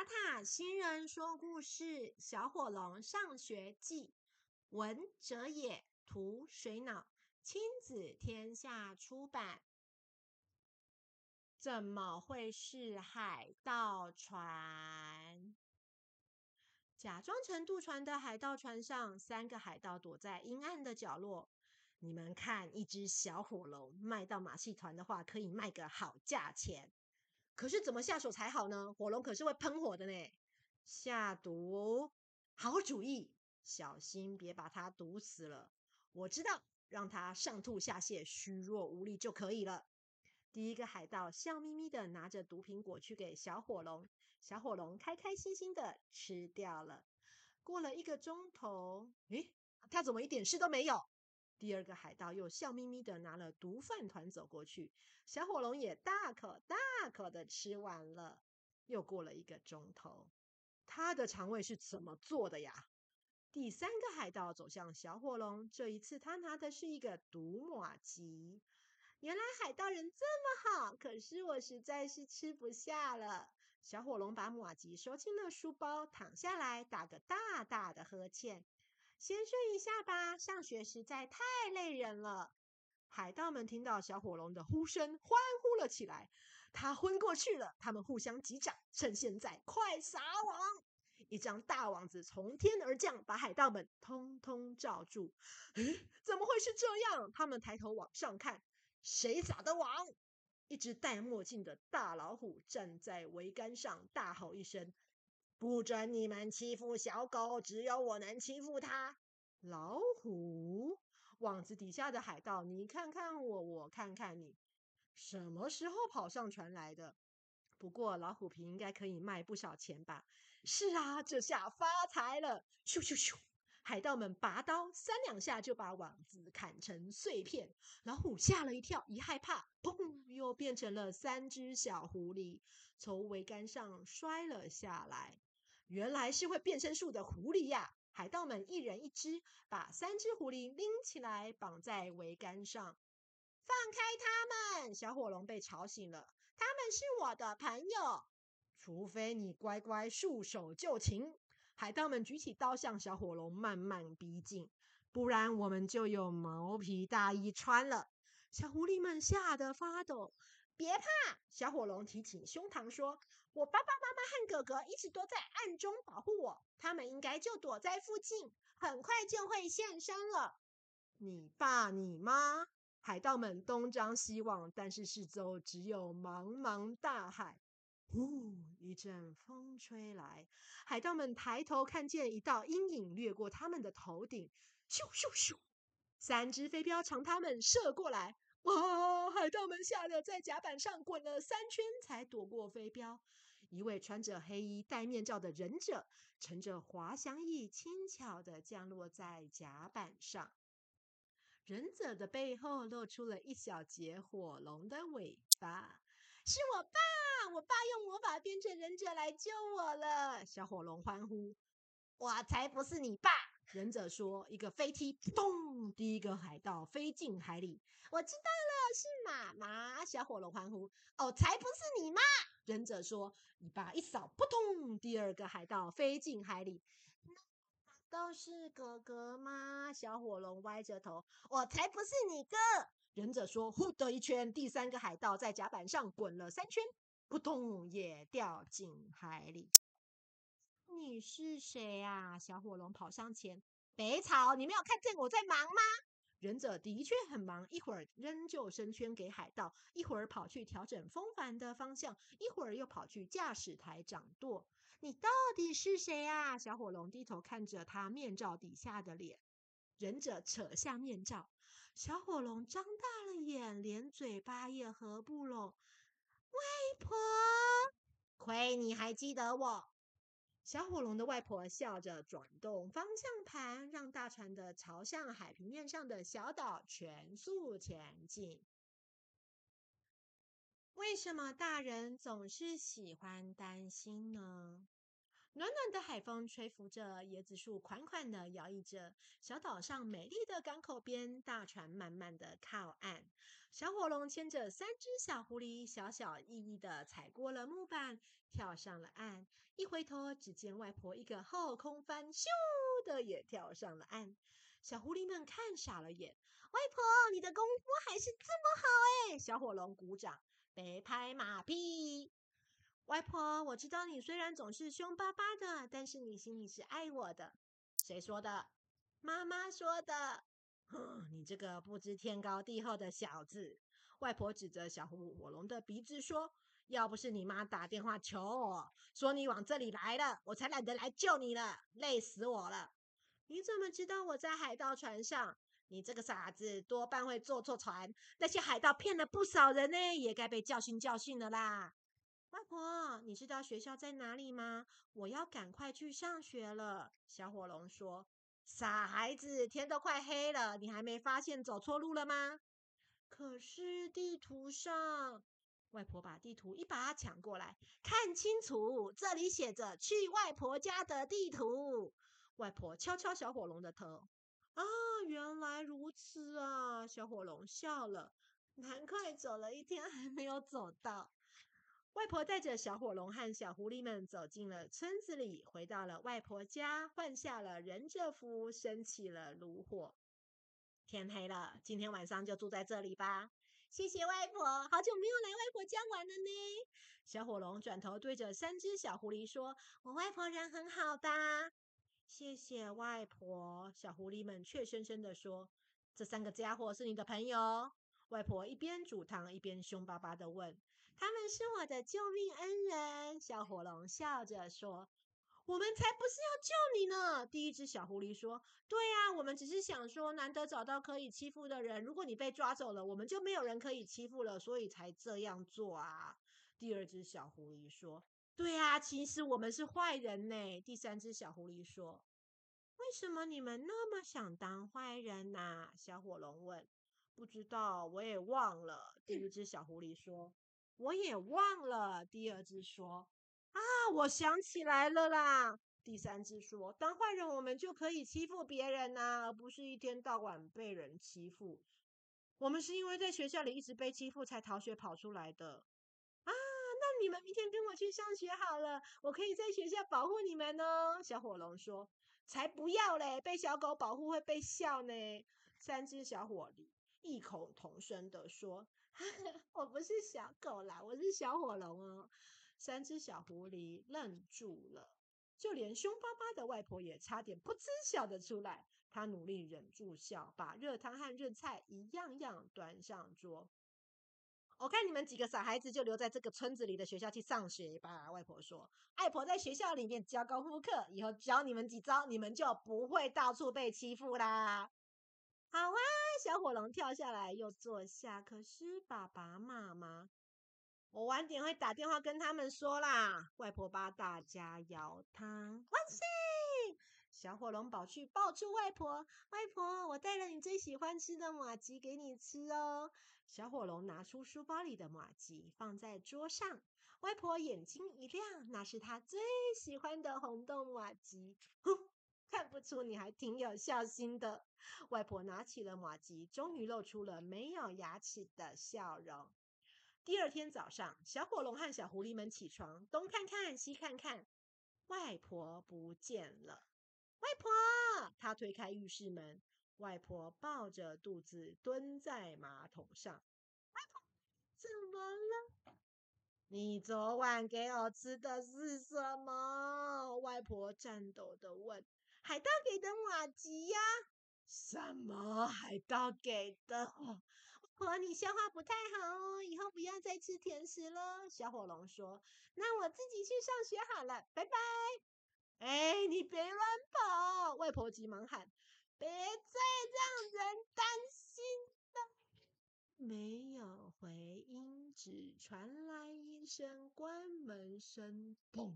塔塔星人說故事《小火龍上學記》文，文哲也，圖水腦，親子天下出版。怎麼會是海盜船？假裝成渡船的海盜船上，三個海盜躲在陰暗的角落。你們看，一隻小火龍賣到馬戲團的話，可以賣個好價錢。可是怎麼下手才好呢？火龍可是會噴火的呢，下毒，好主意，小心別把它毒死了。我知道，讓它上吐下瀉，虛弱無力就可以了。第一個海盜笑眯眯的拿着毒蘋果去給小火龍，小火龍開開心心的吃掉了。過了一個鐘頭，誒、欸，它怎麼一點事都沒有？第二個海盜又笑眯眯地拿了毒飯糰走過去，小火龍也大口大口地吃完了。又過了一個鐘頭，他的腸胃是怎麼做的呀？第三個海盜走向小火龍，這一次他拿的是一個毒麻糬。原來海盜人這麼好，可是我實在是吃不下了。小火龍把麻糬收進了書包，躺下來打個大大的呵欠。先睡一下吧，上學實在太累人了。海盜們聽到小火龍的呼聲，歡呼了起來。他昏過去了，他們互相擊掌，趁現在快撒網！一張大網子從天而降，把海盜們通通罩住。哎，怎麼會是這樣？他們抬頭往上看，誰撒的網？一隻戴墨鏡的大老虎站在桅杆上，大吼一聲。不准你們欺負小狗，只有我能欺負它。老虎，網子底下的海盜，你看看我，我看看你，什麼時候跑上船來的？不過老虎皮應該可以賣不少錢吧？是啊，這下發財了！咻咻咻，海盜們拔刀，三兩下就把網子砍成碎片。老虎嚇了一跳，一害怕，砰，又變成了三只小狐狸，從桅杆上摔了下來。原來是會變身術的狐狸呀、啊！海盜們一人一隻，把三隻狐狸拎起來綁在桅杆上。放開他們！小火龍被吵醒了，他們是我的朋友。除非你乖乖束手就擒。海盜們舉起刀向小火龍慢慢逼近，不然我們就有毛皮大衣穿了。小狐狸們嚇得發抖，別怕！小火龍挺起胸膛說：“我爸爸爸。”看，哥哥一直都在暗中保護我，他們應該就躲在附近，很快就會現身了。你爸你媽，海盜們東張西望，但是四周只有茫茫大海。呼，一陣風吹來，海盜們抬頭看見一道陰影掠過他們的頭頂，咻咻咻，三只飛鏢朝他們射過來。哇！海盜們嚇得在甲板上滾了三圈才躲過飛鏢。一位穿着黑衣、戴面罩的忍者，乘着滑翔翼輕巧地降落在甲板上。忍者的背後露出了一小截火龍的尾巴。是我爸！我爸用魔法變成忍者來救我了！小火龍歡呼：“我才不是你爸！”忍者說：“一個飛踢，撲通，第一個海盜飛進海裡。”我知道了，是媽媽。小火龍歡呼：“哦，才不是你媽！”忍者說：“尾巴一掃，撲通，第二個海盜飛進海裡。”那，那都是哥哥嗎？小火龍歪着頭：“我、哦、才不是你哥！”忍者說：“呼的一圈，第三個海盜在甲板上滾了三圈，撲通，也掉進海裡。”你是誰啊？小火龍跑上前。別吵，你沒有看見我在忙嗎？忍者的確很忙，一會兒扔救生圈給海盜，一會兒跑去調整風帆的方向，一會兒又跑去駕駛台掌舵。你到底是誰啊？小火龍低頭看着他面罩底下的臉。忍者扯下面罩。小火龍張大了眼，連嘴巴也合不攏。外婆，虧你還記得我。小火龍的外婆笑着轉動方向盤，讓大船的朝向海平面上的小島全速前進。為什麼大人總是喜歡擔心呢？暖暖的海風吹拂着椰子樹，款款地搖曳着。小島上美麗的港口邊，大船慢慢地靠岸。小火龍牽着三隻小狐狸，小心翼翼地踩過了木板，跳上了岸。一回頭，只見外婆一個後空翻，咻的也跳上了岸。小狐狸們看傻了眼，外婆，你的功夫還是這麼好誒、欸、小火龍鼓掌，沒拍馬屁。外婆，我知道你雖然總是兇巴巴的，但是你心裡是愛我的。誰說的？媽媽說的。哼，你這個不知天高地厚的小子！外婆指着小火龍的鼻子說：“要不是你媽打電話求我，說你往這裡來了，我才懶得來救你了，累死我了！”你怎麼知道我在海盜船上？你這個傻子，多半會坐錯船。那些海盜騙了不少人呢，也該被教訓教訓了啦。外婆，你知道學校在哪裡嗎？我要趕快去上學了。小火龍說：“傻孩子，天都快黑了，你還沒發現走錯路了嗎？”可是地圖上……外婆把地圖一把搶過來，看清楚，這裡寫着去外婆家的地圖。外婆敲敲小火龍的頭：“啊，原來如此啊！”小火龍笑了，難怪走了一天還沒有走到。外婆帶着小火龍和小狐狸們走進了村子裡，回到了外婆家，換下了忍者服，升起了爐火。天黑了，今天晚上就住在這裡吧。謝謝外婆，好久沒有來外婆家玩了呢。小火龍轉頭對着三隻小狐狸說：“我外婆人很好吧？”謝謝外婆。小狐狸們怯生生的說：“這三個家伙是你的朋友？”外婆一邊煮湯，一邊兇巴巴的問。他們是我的救命恩人，小火龍笑着說：“我們才不是要救你呢！”第一隻小狐狸說：“對啊，我們只是想說，難得找到可以欺負的人。如果你被抓走了，我們就沒有人可以欺負了，所以才這樣做啊！”第二隻小狐狸說：“對啊，其實我們是壞人呢！”第三隻小狐狸說：“為什麼你們那麼想當壞人啊？”小火龍問：“不知道，我也忘了。”第一隻小狐狸說。我也忘了。第二隻說：“啊，我想起來了啦！”第三隻說：“當壞人，我們就可以欺負別人吶、啊，而不是一天到晚被人欺負。我們是因為在學校裡一直被欺負，才逃學跑出來的。”啊，那你們明天跟我去上學好了，我可以在學校保護你們哦。”小火龍說：“才不要嘞，被小狗保護會被笑呢。”三隻小火龍異口同聲的說。 我不是小狗啦，我是小火龍哦、喔。三隻小狐狸愣住了，就連兇巴巴的外婆也差點噗哧笑得出來。她努力忍住笑，把熱湯和熱菜一樣樣端上桌。我看你們幾個傻孩子，就留在這個村子裡的學校去上學吧。外婆說：“外婆在學校裡面教功夫課，以後教你們幾招，你們就不會到處被欺負啦。”好啊。小火龍跳下來又坐下，可是爸爸媽媽，我晚點會打電話跟他們說啦。外婆把大家搖湯，歡迎小火龍跑去抱住外婆。外婆，我帶了你最喜歡吃的麻糬給你吃哦。小火龍拿出書包裡的麻糬放在桌上，外婆眼睛一亮，那是她最喜歡的紅豆麻糬。看不出你還挺有孝心的，外婆拿起了麻糬，終於露出了沒有牙齒的笑容。第二天早上，小火龍和小狐狸們起床，東看看西看看，外婆不見了。外婆，他推開浴室門，外婆抱着肚子蹲在馬桶上。外婆，怎麼了？你昨晚給我吃的是什麼？外婆顫抖地問。海盜給的馬吉呀、啊！什麼海盜給的？哦，我你消化不太好哦，以後不要再吃甜食囉。小火龍說：“那我自己去上學好了，拜拜。”哎，你別亂跑！外婆急忙喊：“別再讓人擔心了。”沒有回音紙，只傳來一聲關門聲，砰。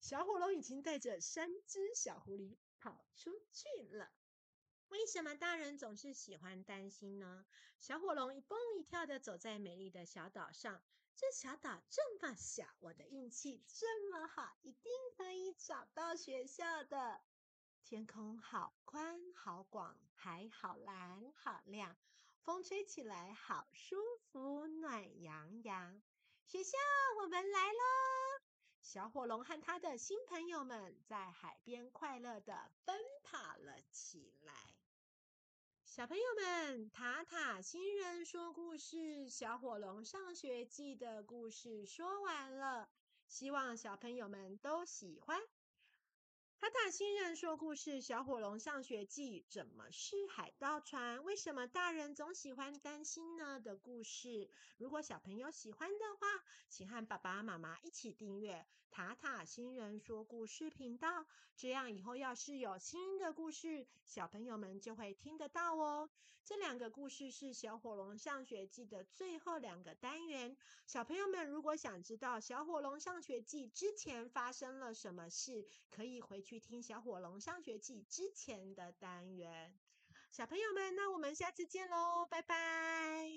小火龍已經帶着三只小狐狸跑出去了。為什麼大人總是喜歡擔心呢？小火龍一蹦一跳的走在美麗的小島上。這小島這麼小，我的運氣這麼好，一定可以找到學校的。天空好寬好廣，海好藍好亮，風吹起來好舒服，暖洋洋。學校，我們來嘍！小火龍和他的新朋友們在海邊快樂的奔跑了起來。小朋友們，塔塔星人說故事，《小火龍上學記》的故事說完了，希望小朋友們都喜歡。塔塔星人說故事《小火龍上學記》，怎麼是海盜船？為什麼大人總喜歡擔心呢？的故事，如果小朋友喜歡的話，請和爸爸媽媽一起訂閱。塔塔星人說故事頻道，這樣以後要是有新的故事，小朋友們就會聽得到哦。這兩個故事是《小火龍上學記》的最後兩個單元。小朋友們如果想知道《小火龍上學記》之前發生了什麼事，可以回去聽《小火龍上學記》之前的單元。小朋友們，那我們下次見嘍，拜拜。